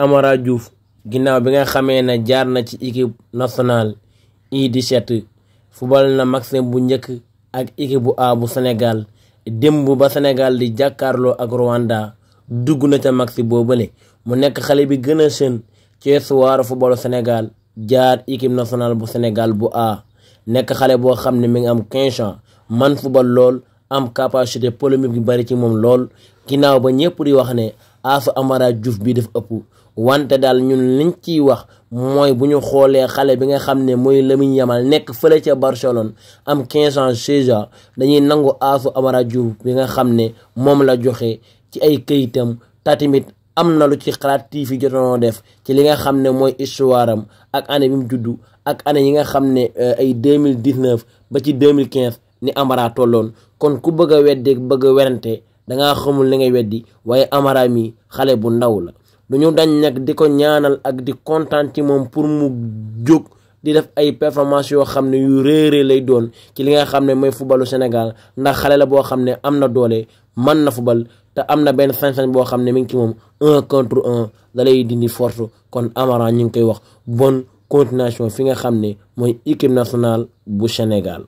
Amara Diouf ginnaaw bi nga xamee ne jaar na ci équipe nationale U17 fubal na maxim bu njëkk ak équipe bu A bu Sénégal démb ba Sénégal di jàkkaarloo ak Rwanda dugg na ca maxi boobale mu nekk xale bi gën a seen ci histoire footballu Sénégal jaar équipe nationale bu Sénégal bu A nekk xale boo xam ne mi ngi am 15 ans man fubal lool am capacité polémique bi bari ci moom lool ginnaaw ba ñëpp di wax ne. Afa Amara Diouf bi daf ëpp wante daal ñun liñ ciy wax mooy bu ñu xoolee xale bi nga xam ne mooy Lamine Yamal nekk fële ca Barcelone am 15 ans 16 dañuy nangu Afa Amara Diouf bi nga xam ne moom la joxe ci ay këyitam ta am na lu ci xalaat tii fi jotoonoo def ci li nga xam ne mooy histoire ak année bi mu juddu ak année yi nga xam ne euh, ay 2019 ba ci 2015 ni Amara tolloon kon ku bëgg a weddeeg werante dangaa xamul li ngay weddi waaye amara mi xale bu ndaw la du ñu dañ nag di ko ñaanal ak di kontaan ci moom pour mu jóg di def ay performance yoo xam ne yu réeree lay doon ci li nga xam ne mooy fubalu Sénégal ndax xale la boo xam ne am na doole mën na fubal te am na benn sañ-sañ boo xam ne mi ngi ci moom un contre un da lay kon Amara ñu ngi koy wax bonne continuation fi nga xam ne mooy équipe nationale bu Sénégal